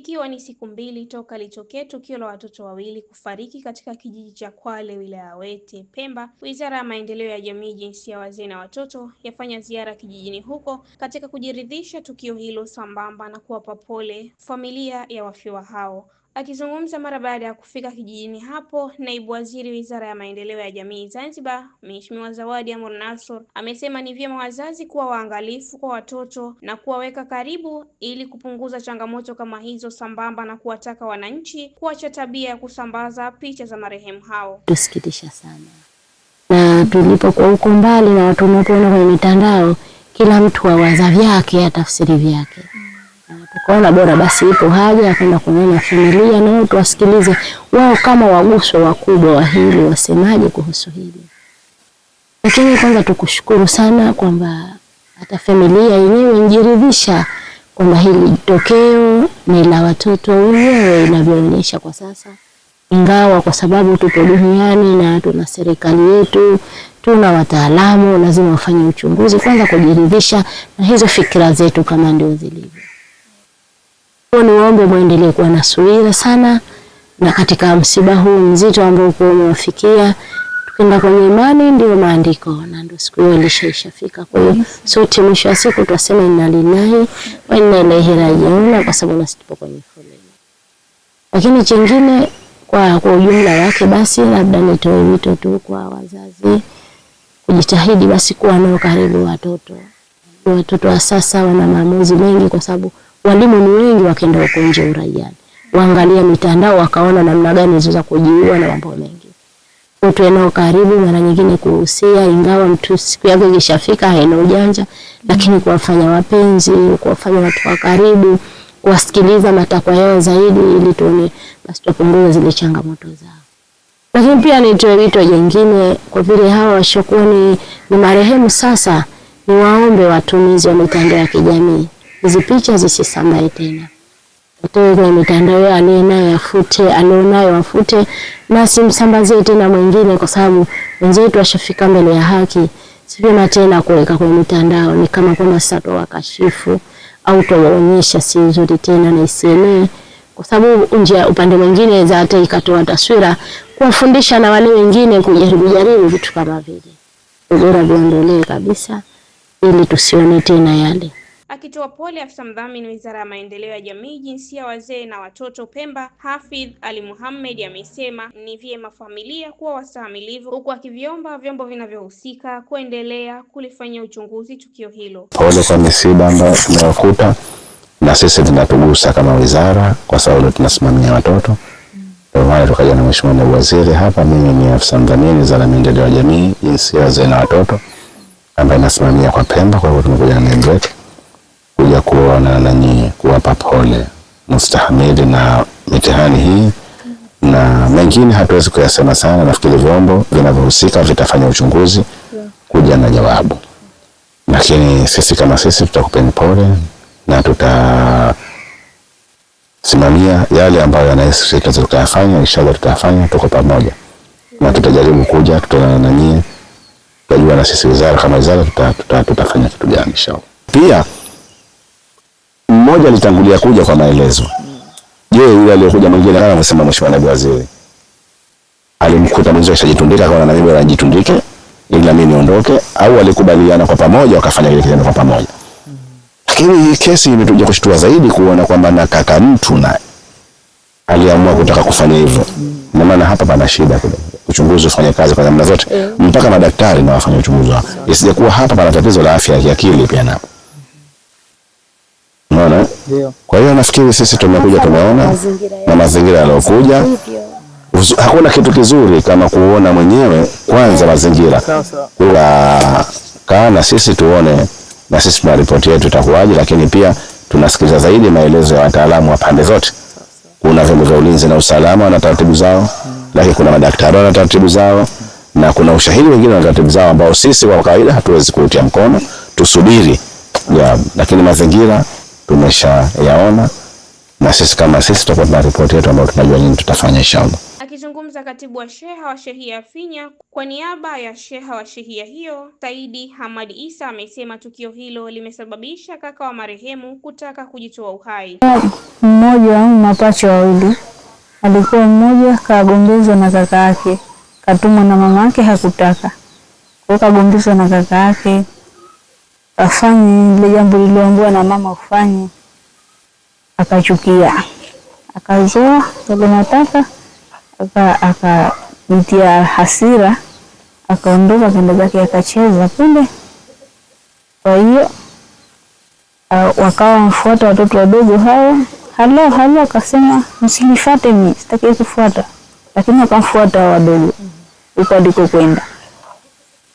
Ikiwa ni siku mbili toka litokee tukio la watoto wawili kufariki katika kijiji cha Kwale wilaya ya Wete, Pemba, Wizara ya Maendeleo ya Jamii, Jinsia, Wazee na Watoto yafanya ziara kijijini huko katika kujiridhisha tukio hilo sambamba na kuwapa pole familia ya wafiwa hao. Akizungumza mara baada ya kufika kijijini hapo, naibu waziri wizara ya maendeleo ya jamii Zanzibar, Mheshimiwa Zawadi Amur Nasor amesema ni vyema wazazi kuwa waangalifu kwa watoto na kuwaweka karibu ili kupunguza changamoto kama hizo, sambamba na kuwataka wananchi kuacha tabia ya kusambaza picha za marehemu hao. Tusikitisha sana, na tulipokuwa huko mbali na watu unaotuona kwenye mitandao, kila mtu awaza vyake, atafsiri vyake tukaona bora basi ipo haja ya kwenda kunyonya familia na wao tuwasikilize wao kama waguswa wakubwa wa hili wasemaje kuhusu hili. Lakini kwanza tukushukuru sana kwamba hata familia yenyewe injiridhisha kwamba hili tokeo ni la watoto wenyewe inavyoonyesha kwa sasa, ingawa kwa sababu tupo duniani na tuna serikali yetu tuna wataalamu, lazima wafanye uchunguzi kwanza kujiridhisha na hizo fikira zetu kama ndio zilivyo. Niwaombe mwendelee kuwa na subira sana, na katika msiba huu mzito ambao uko umewafikia, tukenda kwenye imani ndio maandiko, na ndio siku hiyo ilishaishafika. Kwa hiyo sote mwisho wa siku tutasema inna lillahi wa inna ilaihi rajiuna, kwa sababu nasi tupo kwenye foleni. Lakini chingine kwa, kwa ujumla wake, basi labda nitoe wito tu kwa wazazi kujitahidi basi kuwa nao karibu watoto. Watoto wa sasa wana maamuzi mengi kwa sababu walimu ni wengi wakaenda huko nje uraiani, waangalia mitandao, wakaona namna gani wanaweza kujiua na mambo mengi. Mtu eneo karibu, mara nyingine kuhusia, ingawa mtu siku yake ikishafika haina ujanja, lakini kuwafanya wapenzi, kuwafanya watu wa karibu, kuwasikiliza matakwa yao zaidi, ili tuone basi tupunguze zile changamoto zao. Lakini pia nitoe wito jingine, kwa vile hawa washokuwa ni marehemu sasa, ni waombe watumizi wa mitandao ya kijamii hizi picha zisisambae tena. Mtu wa mitandao aliye naye afute, alionayo afute na simsambazie tena mwingine, kwa sababu wenzetu washafika mbele ya haki. Sivyo tena kuweka kwenye mitandao, ni kama kwamba sasa twawakashifu au twawaonyesha si nzuri tena na isienee, kwa sababu nje upande mwingine za hata ikatoa taswira kuwafundisha na wale wengine kujaribu jaribu vitu kama vile, bora viondolee kabisa ili tusione tena yale. Akitoa pole afisa mdhamini wizara ya maendeleo ya jamii, jinsia, wazee na watoto Pemba, Hafidh Ali Muhammad, amesema ni vyema familia kuwa wastahamilivu, huku akiviomba vyombo vinavyohusika kuendelea kulifanyia uchunguzi tukio hilo. Pole kwa misiba ambayo tumewakuta, na sisi tunatugusa kama wizara, kwa sababu tunasimamia watoto ndio maana tukaja na mheshimiwa naibu waziri hapa. Mimi ni afisa mdhamini wizara ya maendeleo ya jamii, jinsia, wazee na watoto, ambaye nasimamia kwa Pemba. Kwa hivyo tumekuja na nembo yetu kuja kuona na nyinyi, kuwapa pole, mustahamili na mitihani hii na mengine hatuwezi kuyasema sana. Nafikiri vyombo vinavyohusika vitafanya uchunguzi kuja na jawabu, lakini sisi kama sisi tutakupeni pole na tutasimamia yale ambayo yanahisi tutayafanya. Inshallah tutayafanya, tuko pamoja na tutajaribu kuja, tutaonana na nyie, tutajua na sisi wizara kama wizara tutafanya tuta, tuta kitu gani inshallah pia mmoja alitangulia kuja kwa maelezo. Je, yule aliyokuja mwingine kama anasema Mheshimiwa Naibu Waziri alimkuta mwenzie ashajitundika, kwa na mimi bora ili na mimi niondoke, au walikubaliana kwa pamoja wakafanya kile kitendo kwa pamoja? Lakini hii kesi imetuja kushtua zaidi kuona kwamba na kaka mtu na aliamua kutaka kufanya hivyo. Ndio maana hapa pana shida kidogo. Uchunguzi ufanye kazi kwa namna zote, eh. mpaka madaktari na wafanye uchunguzi wao, isije kuwa hapa pana tatizo la afya ya kiakili pia nao. Unaona? Kwa hiyo nafikiri sisi tumekuja tumeona na mazingira yalokuja. Hakuna kitu kizuri kama kuona mwenyewe kwanza mazingira. Ila kaa na sisi tuone na sisi tuna ripoti yetu itakuwaje, lakini pia tunasikiliza zaidi maelezo ya wataalamu wa pande zote. Kuna vyombo vya ulinzi na usalama na taratibu zao, mm. lakini kuna madaktari na taratibu zao na kuna ushahidi wengine na taratibu zao ambao sisi kwa kawaida hatuwezi kuutia mkono, tusubiri. Ya, lakini mazingira tumeshayaona na sisi kama sisi tutakuwa tuna ripoti yetu ambayo tunajua nini tutafanya inshallah. Akizungumza katibu wa sheha wa shehia ya Finya kwa niaba ya sheha wa shehia hiyo Saidi Hamad Isa amesema tukio hilo limesababisha kaka wa marehemu kutaka kujitoa uhai. Mmoja au mapacha wawili, alikuwa mmoja kagombezwa na kaka yake, katumwa na mama yake, hakutaka kwa kagombezwa na kaka yake afanye ile jambo lililoambiwa na mama ufanye, akachukia, akazoa yale aka akamtia hasira, akaondoka kenda zake, akacheza kule. Kwa hiyo wakawa wamfuata watoto wadogo hao, halo halo, akasema msinifuate mimi, sitaki kufuata, lakini akamfuata wadogo huko aliko kwenda,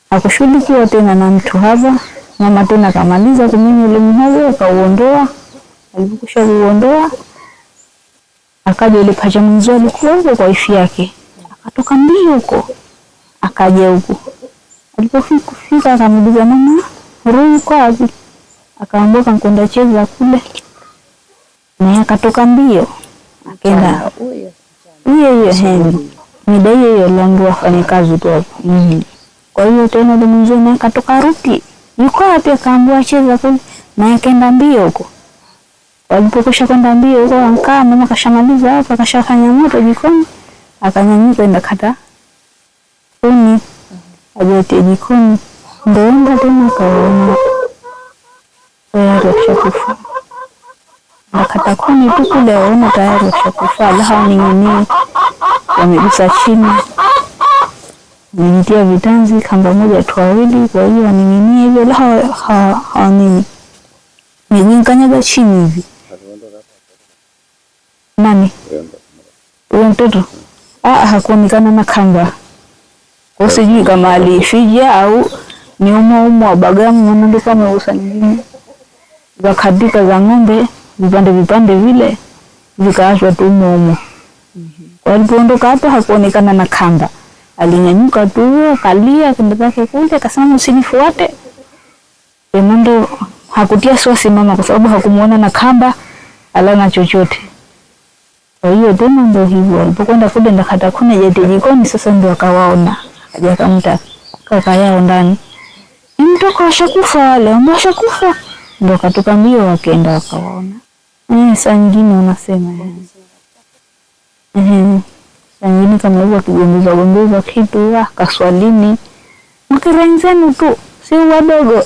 akushughulikiwa tena na mtu hapa Mama tena akamaliza kumenya ule mhogo akauondoa. Alipokwisha kuuondoa, akaja ile pacha mzee alikuwa huko kwa ifi yake, akatoka mbio huko, akaja huko. Alipofika akamuuliza mama, ruu kwa wapi? Akaambia kankwenda cheza kule, naye akatoka mbio akaenda hiyo hiyo heni mida hiyo hiyo aliambiwa afanye kazi tu hapo. Mm-hmm. Kwa hiyo tena ule mzee naye akatoka ruti mkoa pia kaambua cheza kule, na akaenda mbio huko. Walipokwisha kwenda mbio huko, wakaa mama kashamaliza hapo, akashafanya moto jikoni, akanyanyuka enda kata kuni ajote jikoni, ndio tena kaona tayari akishakufa nakata kuni tu kule, aona tayari akishakufa, lahaning'ini wamegusa chini niingia vitanzi, kamba moja tu wawili, kwa hiyo waning'inie hivyo, la hawanini miguu kanyaga chini hivi. Nani huyo mtoto? Hakuonekana na kamba, kwa sijui kama alifija au ni umwaumwa wa Bagamu wanandoka meusa nyingine zakadika za ng'ombe vipande vipande vile vikaachwa tu umwaumwa. Walipoondoka hapo hakuonekana na kamba alinyanyuka tu akalia kwenda zake kule, akasema msinifuate. Raymond hakutia swasi mama, kwa sababu hakumuona na kamba ala na chochote. Kwa hiyo tena ndio hivyo, alipokwenda kule ndakata kuna jeti jikoni, sasa ndio akawaona, akaja akamta kaka yao ndani, mtoka washakufa wale, washakufa. Ndio katoka mbio, wakaenda wakawaona. Eh, saa nyingine unasema eh, eh, eh. Sangine eh, kama hivyo akigongeza gongeza kitu ya ah, kaswalini mkirani zenu tu si wadogo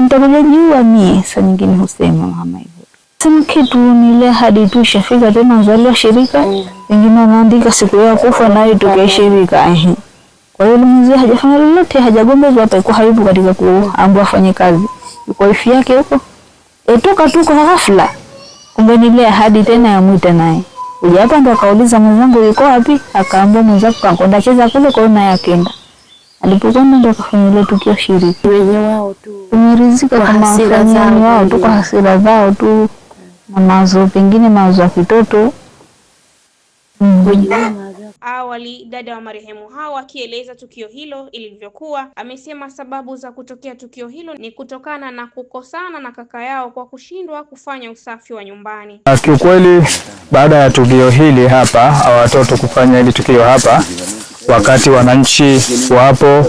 mtakuja jua mie. Saa nyingine husema mama hivyo sema kitu nile hadi tu shafika tena mzali wa shirika mm. wengine wanaandika siku ya kufa nayo tukia mm. shirika Kwa hiyo mzee hajafanya lolote, hajagombezwa hapa, iko haibu katika kuambiwa afanye kazi, yuko ifi yake huko etoka tu kwa ghafla, kumbe nile hadi tena ya yamwita naye kuja hapa ndo akauliza mwenzangu yuko wapi, akaambia mwenzangu kakwenda cheza kule, kwa hiyo naye akaenda. Alipokwenda ndo akafanyiwa tukio shiriki, wenye wao tu tumerizika kama wafanyani wao tu, kwa hasira zao tu na mawazo pengine mawazo ya kitoto mm. Awali dada wa marehemu hao akieleza tukio hilo ilivyokuwa, amesema sababu za kutokea tukio hilo ni kutokana na kukosana na kaka yao kwa kushindwa kufanya usafi wa nyumbani. Kiukweli, baada ya tukio hili hapa, watoto kufanya hili tukio hapa, wakati wananchi wapo,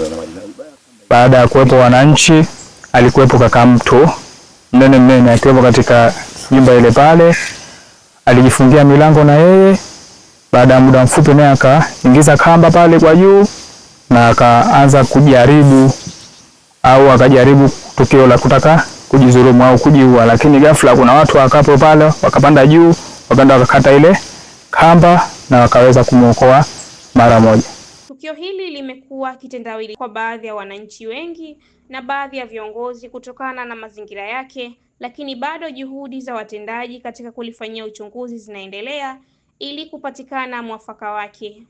baada ya kuwepo wananchi, alikuwepo kaka mtu mnene mnene, akiwepo katika nyumba ile pale, alijifungia milango na yeye baada ya muda mfupi, naye akaingiza kamba pale kwa juu na akaanza kujaribu au akajaribu tukio la kutaka kujizurumu au kujiua, lakini ghafla kuna watu wakapo pale wakapanda juu wakaenda wakakata ile kamba na wakaweza kumwokoa mara moja. Tukio hili limekuwa kitendawili kwa baadhi ya wananchi wengi na baadhi ya viongozi kutokana na mazingira yake, lakini bado juhudi za watendaji katika kulifanyia uchunguzi zinaendelea ili kupatikana mwafaka wake